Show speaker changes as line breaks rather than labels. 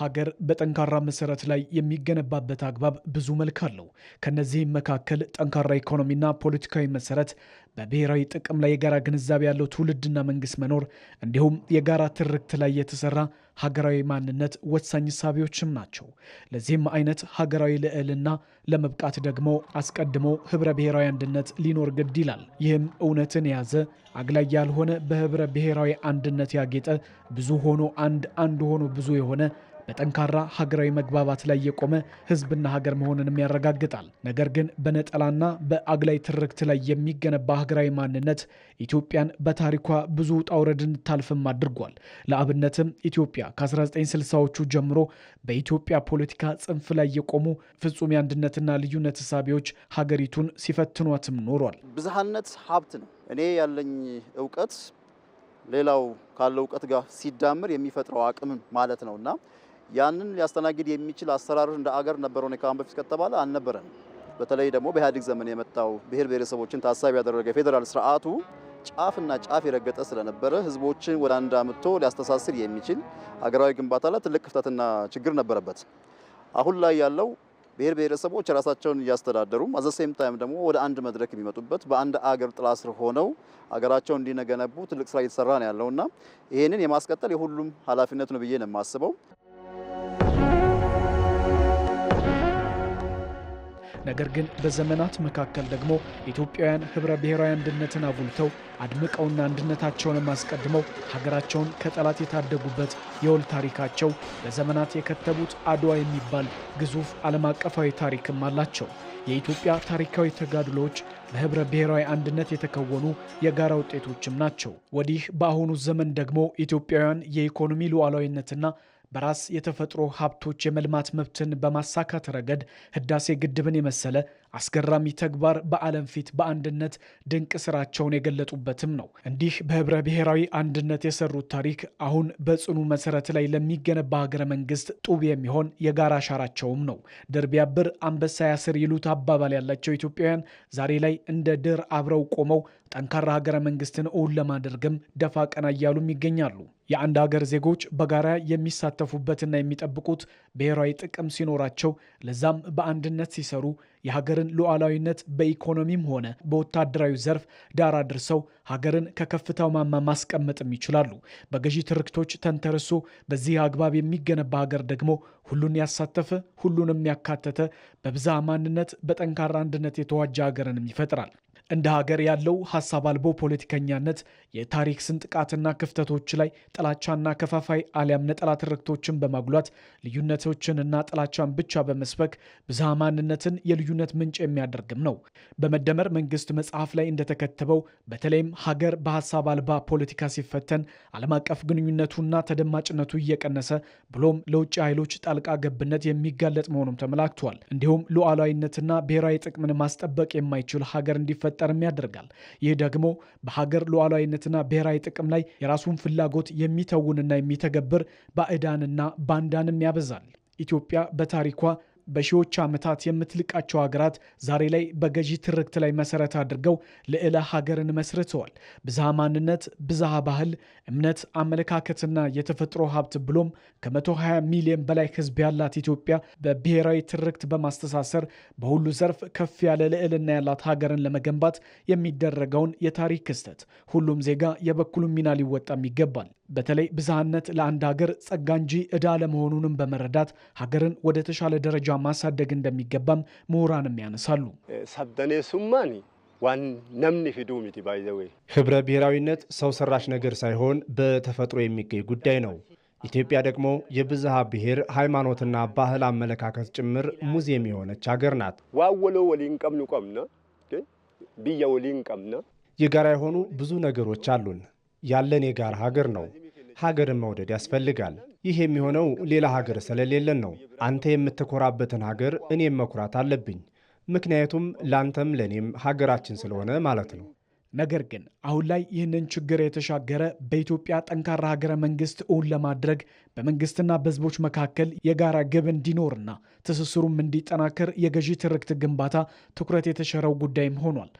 ሀገር በጠንካራ መሰረት ላይ የሚገነባበት አግባብ ብዙ መልክ አለው። ከነዚህም መካከል ጠንካራ ኢኮኖሚና ፖለቲካዊ መሰረት በብሔራዊ ጥቅም ላይ የጋራ ግንዛቤ ያለው ትውልድና መንግስት መኖር እንዲሁም የጋራ ትርክት ላይ የተሰራ ሀገራዊ ማንነት ወሳኝ ሳቢዎችም ናቸው። ለዚህም አይነት ሀገራዊ ልዕልና ለመብቃት ደግሞ አስቀድሞ ህብረ ብሔራዊ አንድነት ሊኖር ግድ ይላል። ይህም እውነትን የያዘ አግላይ ያልሆነ በህብረ ብሔራዊ አንድነት ያጌጠ ብዙ ሆኖ አንድ አንድ ሆኖ ብዙ የሆነ በጠንካራ ሀገራዊ መግባባት ላይ የቆመ ህዝብና ሀገር መሆንንም ያረጋግጣል። ነገር ግን በነጠላና በአግላይ ትርክት ላይ የሚገነባ ሀገራዊ ማንነት ኢትዮጵያን በታሪኳ ብዙ ውጣ ውረድ እንድታልፍም አድርጓል። ለአብነትም ኢትዮጵያ ከ1960ዎቹ ጀምሮ በኢትዮጵያ ፖለቲካ ጽንፍ ላይ የቆሙ ፍጹም የአንድነትና ልዩነት እሳቤዎች ሀገሪቱን ሲፈትኗትም ኖሯል።
ብዝሃነት ሀብት ነው። እኔ ያለኝ እውቀት ሌላው ካለው እውቀት ጋር ሲዳምር የሚፈጥረው አቅም ማለት ነው እና ያንን ሊያስተናግድ የሚችል አሰራር እንደ አገር ነበረው ካሁን በፊት ከተባለ አልነበረንም። በተለይ ደግሞ በኢህአዴግ ዘመን የመጣው ብሔር ብሔረሰቦችን ታሳቢ ያደረገ ፌዴራል ስርዓቱ ጫፍና ጫፍ የረገጠ ስለነበረ ህዝቦችን ወደ አንድ አምጥቶ ሊያስተሳስር የሚችል አገራዊ ግንባታ ላይ ትልቅ ክፍተትና ችግር ነበረበት። አሁን ላይ ያለው ብሔር ብሔረሰቦች ራሳቸውን እያስተዳደሩ አዘሴም ታይም ደግሞ ወደ አንድ መድረክ የሚመጡበት በአንድ አገር ጥላ ስር ሆነው አገራቸውን እንዲነገነቡ ትልቅ ስራ እየተሰራ ነው ያለውና ይህንን የማስቀጠል የሁሉም ኃላፊነት ነው ብዬ ነው የማስበው።
ነገር ግን በዘመናት መካከል ደግሞ ኢትዮጵያውያን ህብረ ብሔራዊ አንድነትን አጉልተው አድምቀውና አንድነታቸውንም አስቀድመው ሀገራቸውን ከጠላት የታደጉበት የወል ታሪካቸው በዘመናት የከተቡት አድዋ የሚባል ግዙፍ ዓለም አቀፋዊ ታሪክም አላቸው። የኢትዮጵያ ታሪካዊ ተጋድሎዎች በህብረ ብሔራዊ አንድነት የተከወኑ የጋራ ውጤቶችም ናቸው። ወዲህ በአሁኑ ዘመን ደግሞ ኢትዮጵያውያን የኢኮኖሚ ሉዓላዊነትና በራስ የተፈጥሮ ሀብቶች የመልማት መብትን በማሳካት ረገድ ህዳሴ ግድብን የመሰለ አስገራሚ ተግባር በዓለም ፊት በአንድነት ድንቅ ስራቸውን የገለጡበትም ነው። እንዲህ በህብረ ብሔራዊ አንድነት የሰሩት ታሪክ አሁን በጽኑ መሰረት ላይ ለሚገነባ ሀገረ መንግስት ጡብ የሚሆን የጋራ አሻራቸውም ነው። ድር ቢያብር አንበሳ ያስር ይሉት አባባል ያላቸው ኢትዮጵያውያን ዛሬ ላይ እንደ ድር አብረው ቆመው ጠንካራ ሀገረ መንግስትን እውን ለማድረግም ደፋ ቀና እያሉም ይገኛሉ። የአንድ ሀገር ዜጎች በጋራ የሚሳተፉበትና የሚጠብቁት ብሔራዊ ጥቅም ሲኖራቸው ለዛም በአንድነት ሲሰሩ የሀገርን ሉዓላዊነት በኢኮኖሚም ሆነ በወታደራዊ ዘርፍ ዳር አድርሰው ሀገርን ከከፍታው ማማ ማስቀመጥም ይችላሉ። በገዢ ትርክቶች ተንተርሶ በዚህ አግባብ የሚገነባ ሀገር ደግሞ ሁሉን ያሳተፈ፣ ሁሉንም ያካተተ፣ በብዝሃ ማንነት በጠንካራ አንድነት የተዋጀ ሀገርንም ይፈጥራል። እንደ ሀገር ያለው ሀሳብ አልቦ ፖለቲከኛነት የታሪክ ስንጥቃትና ክፍተቶች ላይ ጥላቻና ከፋፋይ አሊያም ነጠላ ትርክቶችን በማጉላት ልዩነቶችንና ጥላቻን ብቻ በመስበክ ብዝሃ ማንነትን የልዩነት ምንጭ የሚያደርግም ነው። በመደመር መንግስት መጽሐፍ ላይ እንደተከተበው በተለይም ሀገር በሀሳብ አልባ ፖለቲካ ሲፈተን ዓለም አቀፍ ግንኙነቱና ተደማጭነቱ እየቀነሰ ብሎም ለውጭ ኃይሎች ጣልቃ ገብነት የሚጋለጥ መሆኑም ተመላክቷል። እንዲሁም ሉዓላዊነትና ብሔራዊ ጥቅምን ማስጠበቅ የማይችል ሀገር እንዲፈ እንዲፈጠርም ያደርጋል። ይህ ደግሞ በሀገር ሉዓላዊነትና ብሔራዊ ጥቅም ላይ የራሱን ፍላጎት የሚተውንና የሚተገብር ባዕዳንና ባንዳንም ያበዛል። ኢትዮጵያ በታሪኳ በሺዎች ዓመታት የምትልቃቸው ሀገራት ዛሬ ላይ በገዢ ትርክት ላይ መሰረት አድርገው ልዕለ ሀገርን መስርተዋል። ብዝሃ ማንነት፣ ብዝሃ ባህል፣ እምነት፣ አመለካከትና የተፈጥሮ ሀብት ብሎም ከ120 ሚሊዮን በላይ ህዝብ ያላት ኢትዮጵያ በብሔራዊ ትርክት በማስተሳሰር በሁሉ ዘርፍ ከፍ ያለ ልዕልና ያላት ሀገርን ለመገንባት የሚደረገውን የታሪክ ክስተት ሁሉም ዜጋ የበኩሉ ሚና ሊወጣም ይገባል። በተለይ ብዝሃነት ለአንድ ሀገር ጸጋ እንጂ ዕዳ ለመሆኑንም በመረዳት ሀገርን ወደ ተሻለ ደረጃ ማሳደግ እንደሚገባም ምሁራንም ያነሳሉ።
ሰብደኔ ሱማኒ ዋነምን ፊዱ ሚቲ ባይዘዌ
ህብረ ብሔራዊነት ሰው ሰራሽ ነገር ሳይሆን በተፈጥሮ የሚገኝ ጉዳይ ነው። ኢትዮጵያ ደግሞ የብዝሃ ብሔር ሃይማኖትና ባህል አመለካከት ጭምር ሙዚየም የሆነች ሀገር ናት።
ዋወሎ ወሊን ቀምኑ ብያ ወሊን
የጋራ የሆኑ ብዙ ነገሮች አሉን። ያለን የጋራ ሀገር ነው። ሀገርን መውደድ ያስፈልጋል። ይህ የሚሆነው ሌላ ሀገር ስለሌለን ነው። አንተ የምትኮራበትን ሀገር እኔም መኩራት አለብኝ። ምክንያቱም ለአንተም ለእኔም ሀገራችን ስለሆነ ማለት ነው። ነገር ግን አሁን ላይ ይህንን ችግር የተሻገረ በኢትዮጵያ ጠንካራ ሀገረ መንግስት እውን ለማድረግ በመንግስትና በህዝቦች መካከል የጋራ ግብ እንዲኖርና ትስስሩም እንዲጠናከር የገዢ ትርክት ግንባታ ትኩረት የተሸረው ጉዳይም ሆኗል።